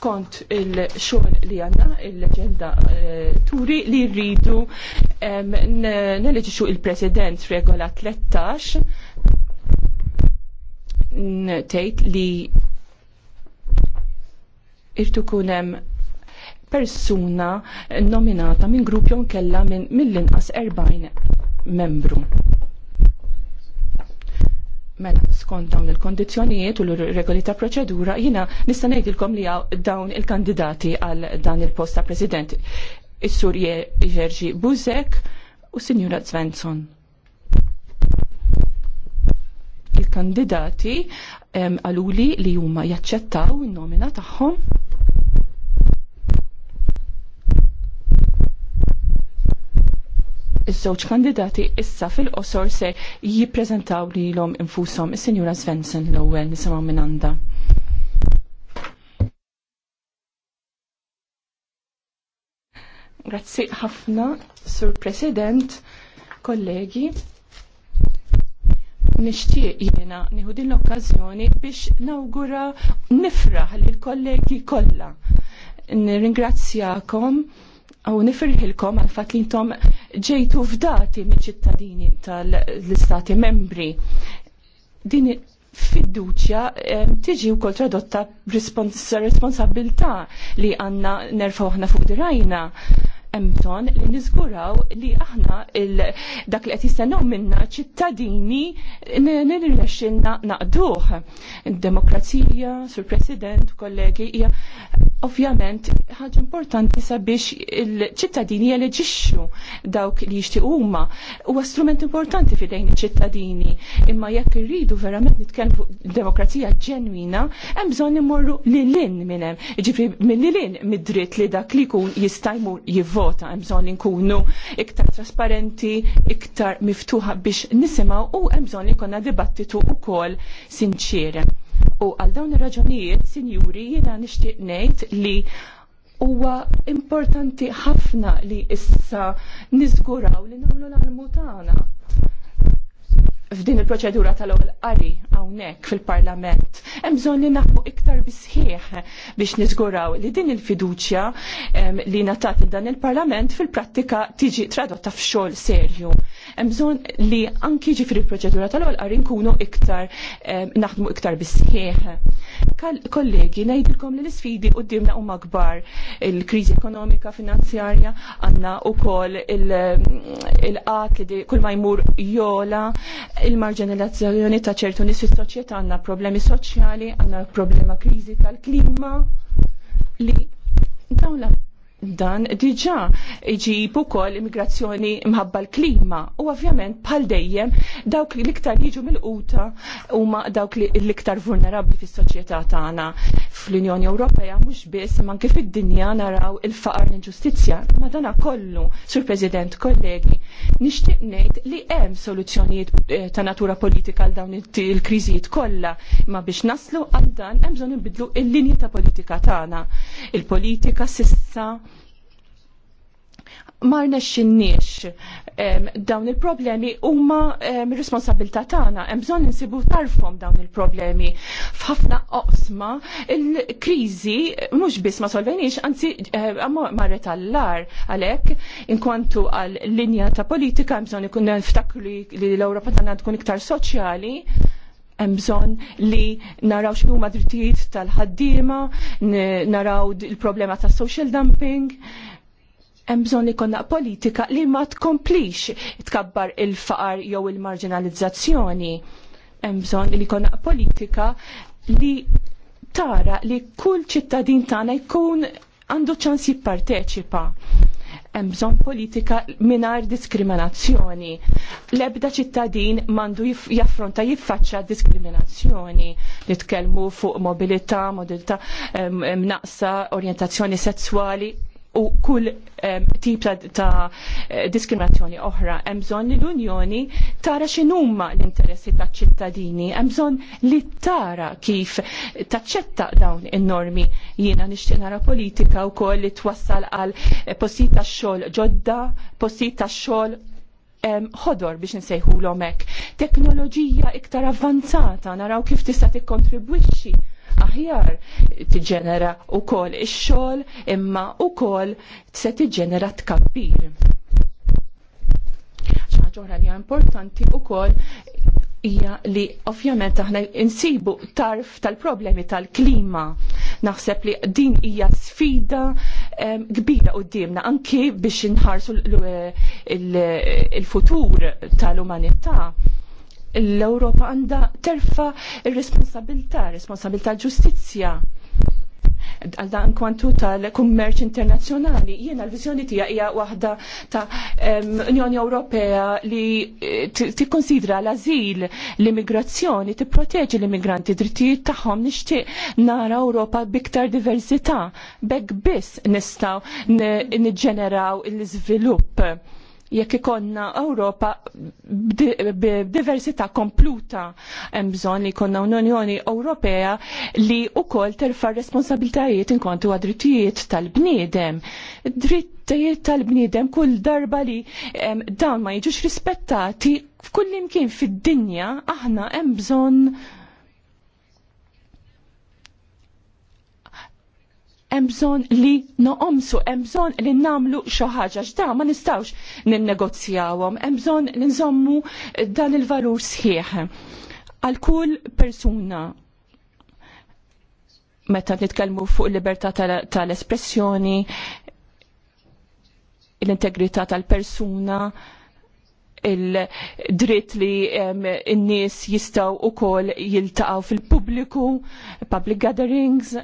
skont il-xogħol li għandna il-leġenda eh, turi li rridu neleġixu il-President regola 13 tgħid li irtu kunem persuna nominata minn grupp jonkella minn mill-inqas 40 membru. Mela, skont dawn il-kondizjonijiet u l-regoli ta' proċedura, jina nista' ngħidilkom li dawn il-kandidati għal dan il-post ta' President. Is-Sur Jerġi Buzek u Sinjura Svensson. Il-kandidati għaluli li huma jaċċettaw in-nomina tagħhom Iż-żewġ kandidati issa fil-qosor se jippreżentaw lilhom infushom is-Sinjura Svensson l-ewwel nisimgħu minn Grazzi ħafna, Sur President, kollegi nishtiq jiena nieħu din l-okkażjoni biex nawgura nifraħ lill kollegi kollha. Nirringrazzjakom Għaw nifirħilkom għal fat li ntom ġejtu fdati minn ċittadini tal-istati membri. Din fiduċja tiġi u kol tradotta responsabilta li għanna nerfaw ħna fuq dirajna. Emton li nizguraw li aħna dak li qed jistennew minna ċittadini nirrexxilna naqduh. Id-demokrazija, sur President, kollegi, hija Ovvjament, ħaġa importanti sabiex il-ċittadini jeleġixxu dawk li jixtiequ huma huwa strument importanti fidejn iċ-ċittadini, imma jekk irridu verament nitkellmu fuq demokrazija ġenwina, hemm bżonn imorru lilin minn hemm. Jiġifieri minn lilin mid-dritt li dak li jkun jista' jmur jivvota, hemm bżonn li nkunu iktar trasparenti, iktar miftuħa biex nisimgħu u hemm bżonn li jkollna dibattitu wkoll sinċiera U għal dawn ir-raġunijiet, sinjuri, jiena nixtieq ngħid li huwa importanti ħafna li issa niżguraw li nagħmlu l-almu tagħna f'din il-proċedura tal-ewwel qari hawnhekk fil-Parlament. Hemm bżonn li naħbu iktar bisħieħ biex niżguraw li din il-fiduċja li ngħatat il dan il-Parlament fil-prattika tiġi tradotta f'xogħol serju. Hemm bżonn li anki ġifri il-proċedura tal-ewwel qari nkunu iktar naħdmu iktar bisħieħ. Kollegi, ngħidilkom li l-isfidi qudiemna huma kbar il-kriżi ekonomika, finanzjarja, għandna wkoll il-qat li kull ma jmur jola, il-marġinalizzazzjoni ta' ċertu nies fis-soċjetà għandna problemi soċjali, għandna problema kriżi tal-klima li dan diġa iġib ukoll immigrazzjoni mħabba l-klima u ovvjament bħal dejjem dawk li l-iktar jiġu mill-quta huma dawk li l-iktar vulnerabbli fis-soċjetà tagħna fl-Unjoni Ewropea mhux biss ma anke fid-dinja naraw il-faqar l-inġustizzja. dana kollu, Sur President, kollegi, nixtieq ngħid li hemm soluzzjonijiet eh, ta' natura politika għal dawn il-kriżijiet kollha, ma biex naslu għal dan hemm bżonn il-linji ta' politika tagħna. Il-politika sissa marna xinniex dawn il-problemi huma responsabilità tagħna hemm bżonn insibu tarfhom dawn il-problemi. F'ħafna qosma, il-kriżi mhux biss ma solvenix, anzi eh, marre tal-lar għalhekk inkwantu għal linja ta' politika hemm bżonn ikun niftakru li l-Ewropa tagħna tkun iktar soċjali hemm bżonn li naraw x'huma drittijiet tal-ħaddiema, naraw il-problema tas social dumping, hemm bżonn konna politika li ma tkomplix tkabbar il-faqar jew il-marginalizzazzjoni. Hemm bżonn li jkollna politika li tara li kull ċittadin tagħna jkun għandu ċans jipparteċipa. Hemm bżonn politika mingħajr diskriminazzjoni. L-ebda ċittadin m'għandu jaffronta jiffaċċja diskriminazzjoni. Nitkellmu fuq mobilità, mobilità naqsa, orjentazzjoni sesswali, u kull um, tip ta', ta eh, diskriminazzjoni oħra. Hemm bżonn li l-Unjoni tara x'inhuma l-interessi taċ-ċittadini, hemm bżonn li tara kif taċċetta dawn in-normi. Jiena nixtieq nara politika wkoll li twassal għal postijiet tax-xogħol ġodda, postijiet tax-xogħol ħodor biex nsejħu l-omek. Teknoloġija iktar avvanzata, naraw kif tista' tikkontribwixxi aħjar tiġenera wkoll ix-xogħol imma wkoll se tiġenera tkabbir. Ħaġa li importanti wkoll hija li ovvjament aħna insibu tarf tal-problemi tal-klima. Naħseb li din hija sfida kbira dimna anki biex inħarsu eh, l-futur tal-umanità l-Europa għanda terfa il-responsabilta, responsabilta ġustizja għal dan kwantu tal-kummerċ internazzjonali. Jiena l-vizjoni tija hija waħda ta' Unjoni Ewropea li tikkonsidra l-azil, l-immigrazzjoni, tipproteġi l-immigranti, drittijiet tagħhom nixtieq nara Ewropa biktar diversità, bekk biss nistgħu niġġeneraw l-iżvilupp jekk ikonna Ewropa b'diversità kompluta hemm bżonn li jkollna Unjoni Ewropea li wkoll terfa' responsabiltajiet inkontu għad-drittijiet tal-bniedem. Drittijiet tal-bniedem kull darba li dawn ma jiġux rispettati f'kull imkien fid-dinja aħna hemm bżonn emżon li noqomsu, emżon li namlu xaħġa, xda ma nistawx n-negozzjawom, emżon li nżommu eh, dan il-valur sħiħ. Għal kull persuna meta nitkellmu fuq libertà tal-espressjoni, l-integrità tal-persuna, tal il-dritt li n-nies jistaw u koll jiltaqaw fil-publiku, public gatherings,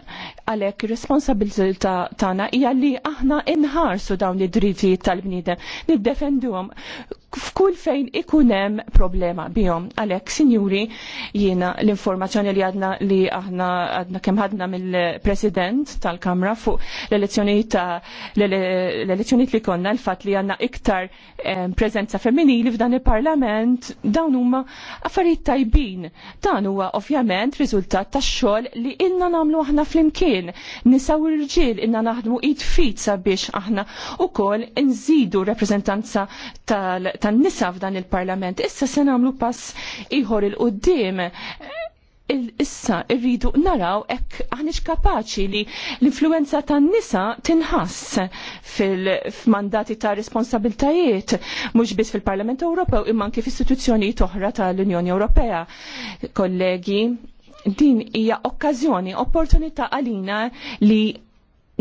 għalek responsabilta tana hija li aħna inħarsu dawn id-dritti tal-bnidem, niddefenduhom f'kull fejn ikunem problema bihom. Għalek, sinjuri, jiena l-informazzjoni li għadna li aħna għadna kem għadna mill-president tal-Kamra fuq l-elezzjoniet ta' l-elezzjoniet li konna l-fat li għanna iktar prezenza femminili li f'dan il-Parlament dawn huma affarijiet tajbin. Dan huwa ovvjament riżultat tax-xogħol li inna nagħmlu aħna flimkien. Nisaw u rġiel inna naħdmu id fit sabiex aħna ukoll nżidu rappreżentanza tan-nisa f'dan il-Parlament. Issa se nagħmlu pass ieħor il-qudiem issa irridu naraw ek għanix kapaċi li l-influenza tan nisa tinħass fil-mandati ta' responsabiltajiet, mux bis fil-Parlament Ewropew imman kif istituzzjoni toħra tal-Unjoni Ewropea. Kollegi, din hija okkażjoni, opportunità għalina li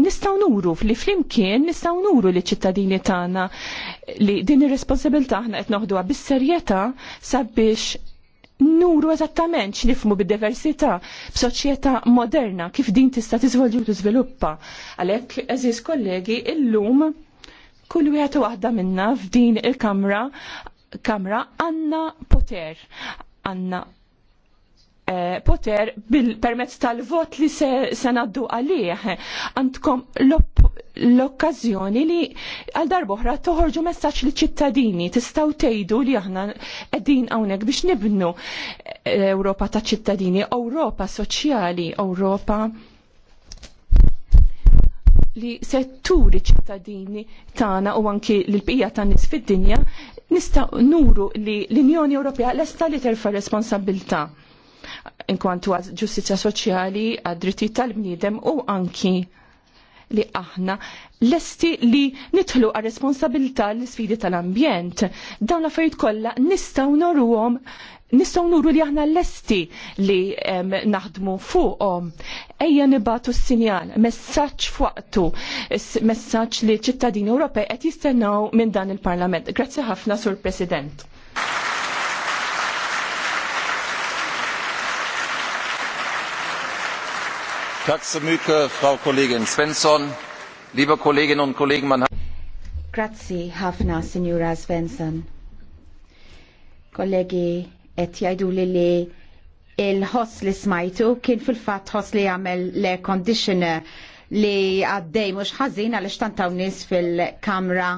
nistaw nuru li flimkien nistaw nuru li ċittadini tagħna li din ir-responsabilità aħna qed noħduha bis-serjetà sabiex nuru eżattament x'nifmu bid-diversità b'soċjetà moderna kif din tista' tiżvolġi u tiżviluppa. Għalhekk eżiż kollegi illum kull wieħed u waħda minna f'din il-kamra kamra għandna poter, għandna Eh, poter bil-permezz tal-vot li se, se naddu għalih. Għandkom l-okkazjoni li għal darboħra toħorġu messaċ li ċittadini tistaw tejdu li aħna qegħdin għawnek biex nibnu eh, Ewropa ta' ċittadini, Ewropa soċjali, Ewropa li setturi ċittadini tana u anki l-bqija ta' nis fid-dinja nista' nuru li l-Unjoni Ewropea lesta li terfa' responsabilta' inkwantu għal ġustizja soċjali, għad dritti tal-bniedem u anki li aħna lesti li nitħlu għal responsabilità l sfidi tal-ambjent. Dawn l kolla kollha nistgħu għom, nistgħu nuru li aħna lesti li em, naħdmu fuqhom. Ejja nibatu s-sinjal, messaġġ fuqtu, messaġġ li ċittadini Ewropej qed jistennaw minn dan il-Parlament. Grazzi ħafna, Sur President. Grazzi ħafna, Signora Svensson. Kollegi, et jajdu li li il-ħoss li smajtu kien fil-fat ħoss li għamel le conditioner li għaddej mux ħazin għal ixtantaw nis fil-kamra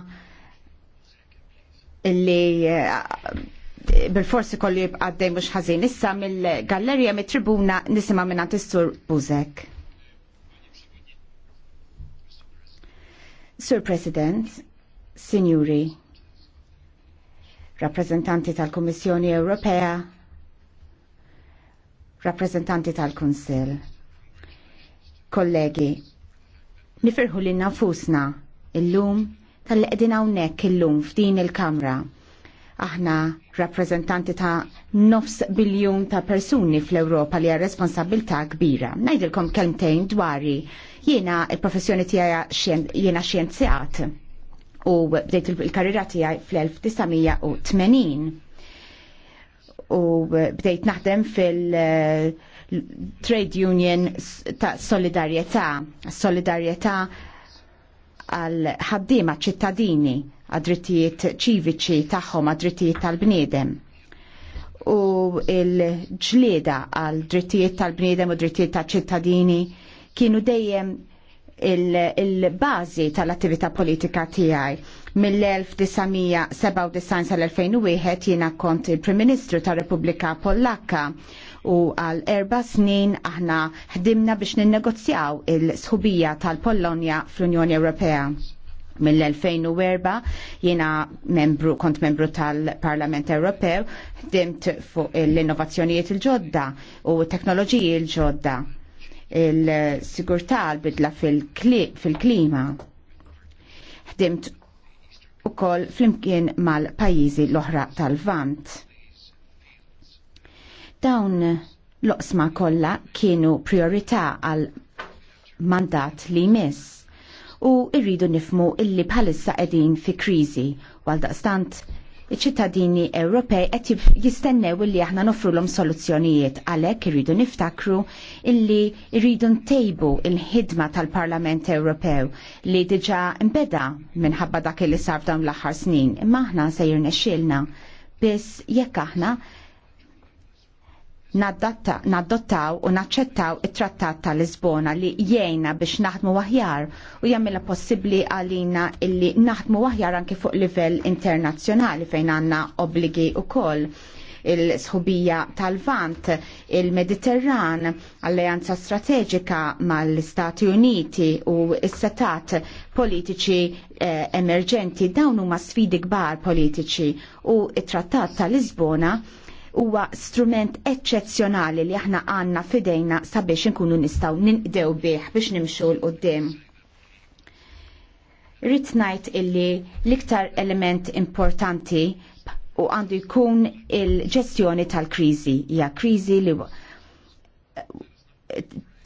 li eh, bil-forsi kolli għaddej mux ħazin. Issa mill-gallerija mit-tribuna nisima minna t-istur Buzek. Sur President, Signori, rappresentanti tal-Kommissjoni Ewropea, rappresentanti tal-Kunsil, kollegi, nifirħu li nafusna il-lum tal edina unnek il-lum f'din il-kamra Aħna rappresentanti ta' nofs biljun ta' persuni fl-Europa li għar responsabilta' kbira. Najdilkom kelmtejn dwari jiena il-professjoni tiegħi jiena xjenzjat u bdejt il-karriera tijaj fl-1980. U bdejt naħdem fil- trade union ta' solidarjetà, solidarjetà għal ħaddiema ċittadini għad-drittijiet ċiviċi tagħhom għad-drittijiet tal-bniedem u il-ġlieda għal drittijiet tal-bniedem u drittijiet tal-ċittadini kienu dejjem il-bazi il tal-attività politika tiegħi. Mill-1997 sal-2001 jiena kont il-Prim Ministru tal-Repubblika Pollakka u għal erba snin aħna ħdimna biex ninnegozjaw il-sħubija tal-Pollonja fl-Unjoni Ewropea mill-2004 jiena membru, kont membru tal-Parlament Ewropew, dimt fuq l-innovazzjonijiet il-ġodda u teknoloġiji il-ġodda il-sigurtà l-bidla fil-klima. Ħdimt u koll flimkien mal-pajizi l-oħra tal-vant. Dawn l-oqsma kollha kienu priorità għal mandat li jmiss u irridu nifmu illi bħalissa qegħdin fi kriżi għal daqstant iċ-ċittadini Ewropej qed jistennew illi aħna l-om soluzzjonijiet għalhekk irridu niftakru illi rridu ntejbu il-ħidma tal-Parlament Ewropew li diġà imbeda minħabba dak li sar dawn l-aħħar snin imma aħna sejjer nexxielna biss jekk aħna naddottaw u naċċettaw it-trattat ta' Lisbona li jgħina biex naħdmu waħjar u jagħmilha possibbli għalina illi naħdmu waħjar anki fuq livell internazzjonali fejn għandna obbligi wkoll il-sħubija tal-Vant, il-Mediterran, alleanza strateġika mal-Istati Uniti u s-setat politiċi eh, emerġenti dawn huma sfidi kbar politiċi u it-Trattat tal-Lisbona huwa strument eċċezzjonali li aħna għanna fidejna sabiex inkunu nistaw ninqdew bih biex nimxu l-qoddim. Rrit ngħid illi l-iktar element importanti u għandu jkun il-ġestjoni tal-kriżi. Hija kriżi li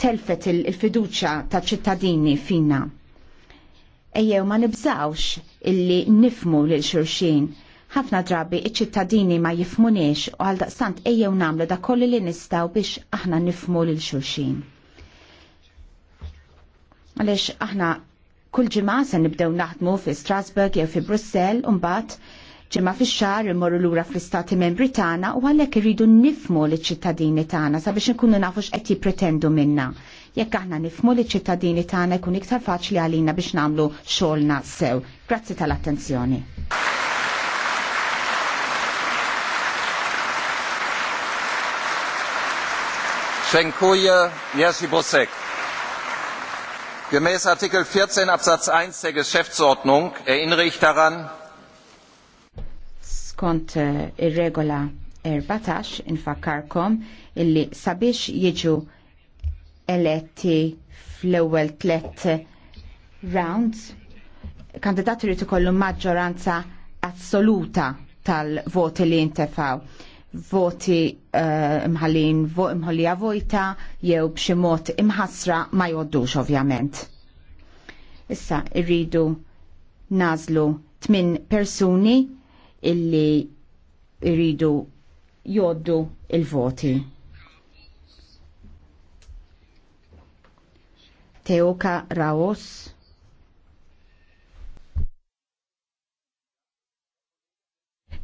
telfet il-fiduċa taċ ċittadini fina. Ejjew ma nibżawx illi nifmu lil xurxin ħafna drabi iċ-ċittadini ma jifmunix u għal daqstant ejjew namlu da kolli li nistaw biex aħna nifmu lil xulxin. Għalix aħna kull ġimgħa se nibdew naħdmu fi Strasburg jew fi Brussell u mbagħad ġimma fi xar immorru lura fl-istati membri tagħna u għalhekk irridu nifmu li ċittadini tagħna sabiex inkunu nafu x'qed jippretendu minna. Jekk aħna nifmu li ċittadini tagħna jkun iktar faċli għalina biex nagħmlu xolna sew. Grazzi tal-attenzjoni. Dziękuję. Jerzy Busek. Gemäß Artikel 14 Absatz 1 der Geschäftsordnung erinnere ich daran, skont eh, irregola regola 14 infakkarkom illi sabiex jiġu eletti fl-ewwel tliet rounds kandidat irid ikollu maġġoranza assoluta tal-voti li jintefaw voti uh, imħallin vo, imħallija vojta jew b'xi mod imħasra ma joddux ovvjament. Issa irridu nażlu tmin persuni illi irridu jgħoddu il-voti. Teoka Raos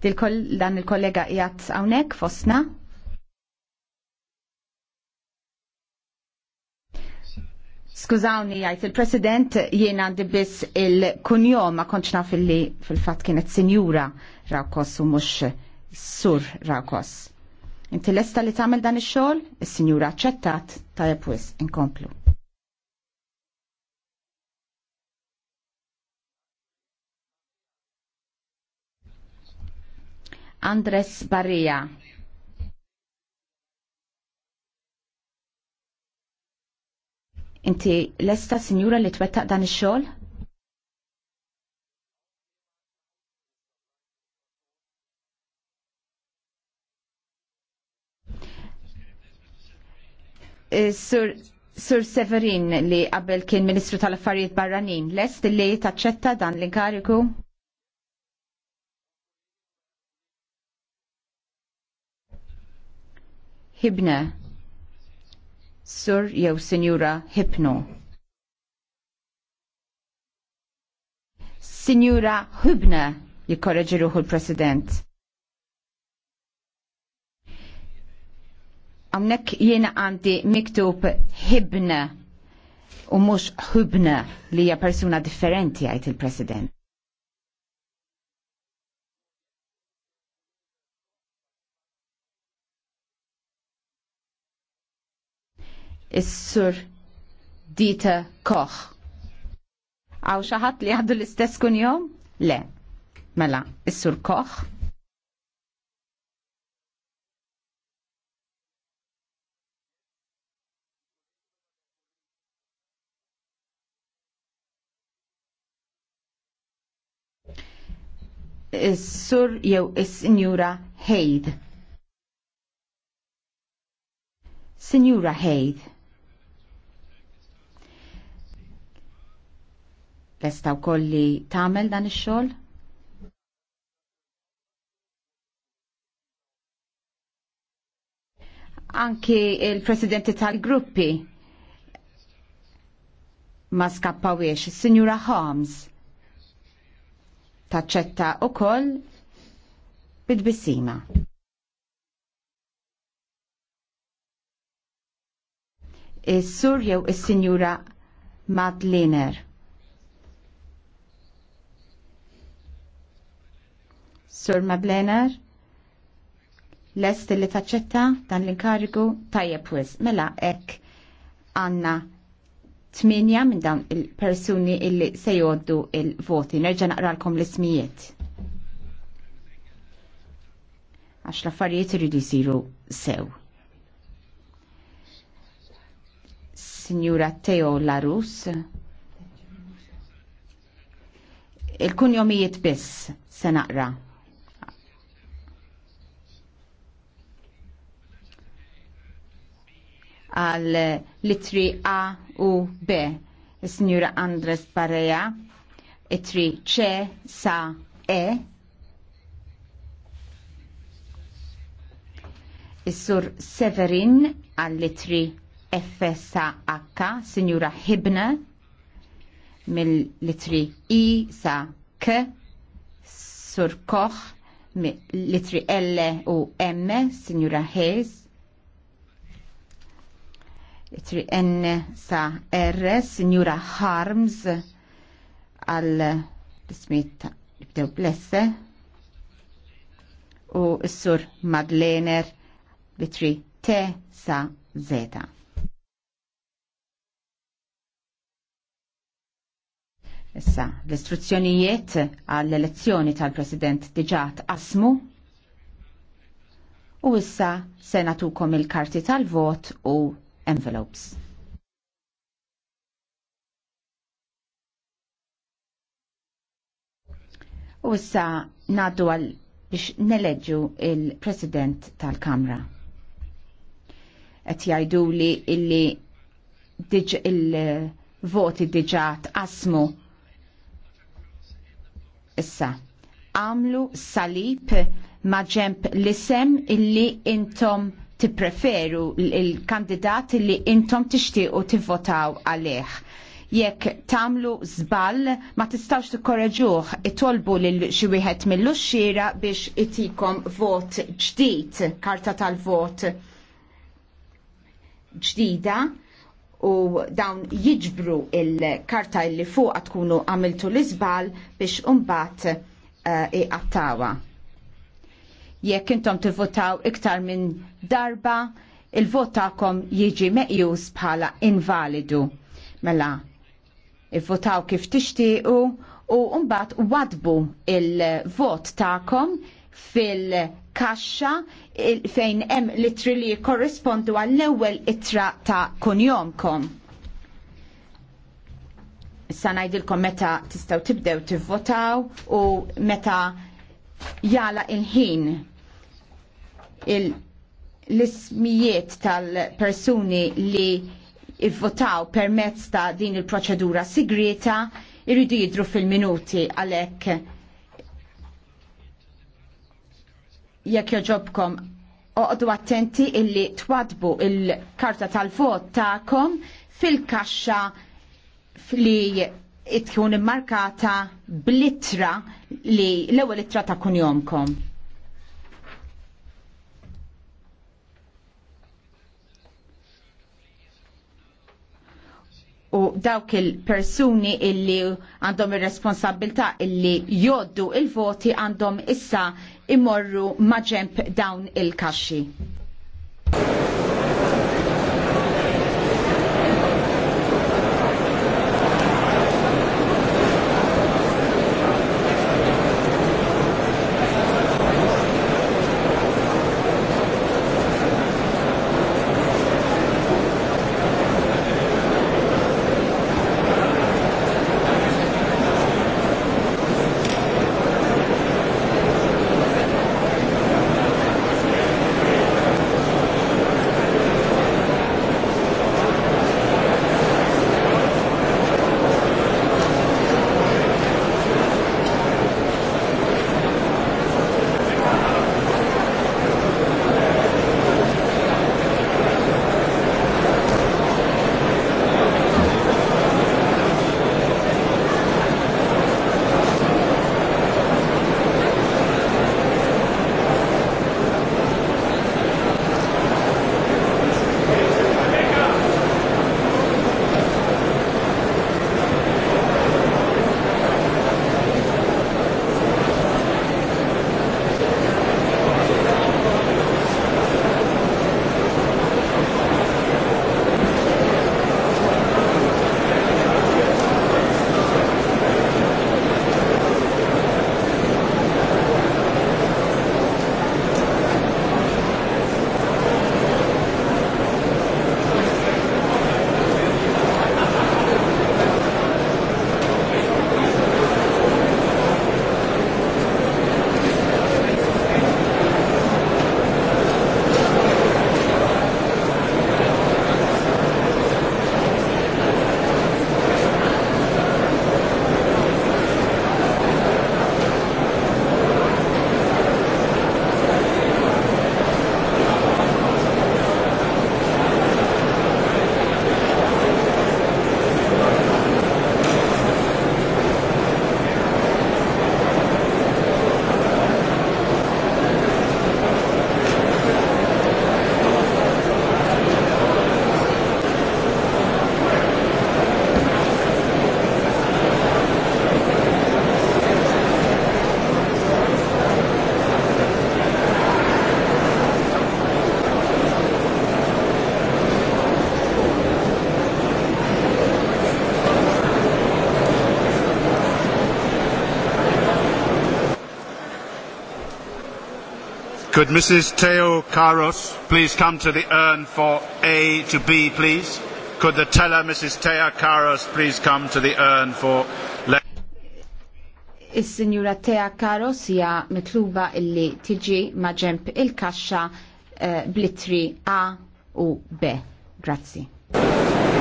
dan il-kollega jgħat hawnhekk fosna. Skużawni jgħid il-President jiena għandi biss il-kunjom ma kontx fil-li fil-fatt kienet sinjura Rakos u mhux sur Rakos. Inti lesta li tagħmel dan ix-xogħol? Is-sinjura ċettat tajjeb inkomplu. Andres Barria. Inti lesta sinjura li twettaq dan ix-xogħol? Eh, Sur, Sur Severin li qabel kien Ministru tal-Affarijiet Barranin, lest li taċċetta dan l-inkariku? Hibne. Sur jew Sinjura Hipno. Sinjura Hibne jikkorreġi ruħu l-President. Għamnek jiena għandi miktub Hibne u mux Hibne li hija persuna differenti għajt il-President. is-sur Dita Koch. Għaw xaħat li għaddu l-istess kun jom? Le. Mela, is-sur Koch. Is-sur jew is-sinjura Hejd. Sinjura Haid. Lesta wkoll li tagħmel dan ix-xogħol? Anki il-presidenti tal-gruppi ma skappawiex, Signora Holmes taċċetta u koll bid-bissima. Is-sur jew is-sinjura Madliner. Sur Mablenar, lest li taċċetta dan l-inkarigu tajjeb wis. Mela ek għanna tminja minn dawn il-persuni illi se joddu il-voti. Nerġa naqralkom l-ismijiet. Għax l-affarijiet irridu jisiru sew. Signora Teo Larus, il-kunjomijiet biss se naqra. għal litri A u B. Signora Andres Barrea, itri C sa E. Is-sur Severin għal litri F sa H, Signora Hibna mill-litri I sa K, Sur Koch, litri L u M, Signora Hayes, 3N sa R, Signora Harms, għal ismiet jibdew blesse, u s-sur Madlener bitri T sa Z. Issa, l-istruzzjonijiet għall-elezzjoni tal-President diġat asmu u issa senatukom il-karti tal-vot u envelopes. U issa naddu għal biex neleġġu il-President tal-Kamra. Qed jajdu li illi il-voti diġà tqasmu issa. Għamlu salib ma' ġemp l-isem illi intom tippreferu il-kandidat li intom tixtiequ tivvotaw għalih. Jekk tamlu żball ma tistawx tikkoreġuh itolbu lil xi wieħed mill-uxxiera biex itikom vot ġdid, karta tal-vot ġdida u dawn jiġbru il-karta li fuqa tkunu għamiltu l iżball biex umbat uh, eh, iqattawa jekk intom tivvotaw iktar minn darba il-vot tagħkom jiġi meqjus bħala invalidu. Mela, ivvotaw kif tixtiequ u mbagħad wadbu il-vot tagħkom fil-kaxxa fejn hemm litri li jkorrispondu għall-ewwel ittra ta' kunjomkom. Issa ngħidilkom meta tistgħu tibdew tivvotaw u meta jala il-ħin l-ismijiet tal-persuni li ivvotaw permezz ta' din il-proċedura sigrita irridu jidru fil-minuti għalek jekk joġobkom oqdu attenti illi twadbu il-karta tal-vot ta'kom fil-kaxxa li tkun immarkata blittra li l-ewwel ittra ta' kunjomkom. u dawk il-persuni illi għandhom ir-responsabilità illi joddu il-voti għandhom issa imorru maġemp dawn il-kaxxi. Could Mrs. Teo Karos please come to the urn for A to B, please? Could the teller, Mrs. Teo Karos, please come to the urn for... Is-Sinjura Tea Karos hija mitluba illi tiġi maġemp il-kaxxa eh, blitri A u B. Grazzi.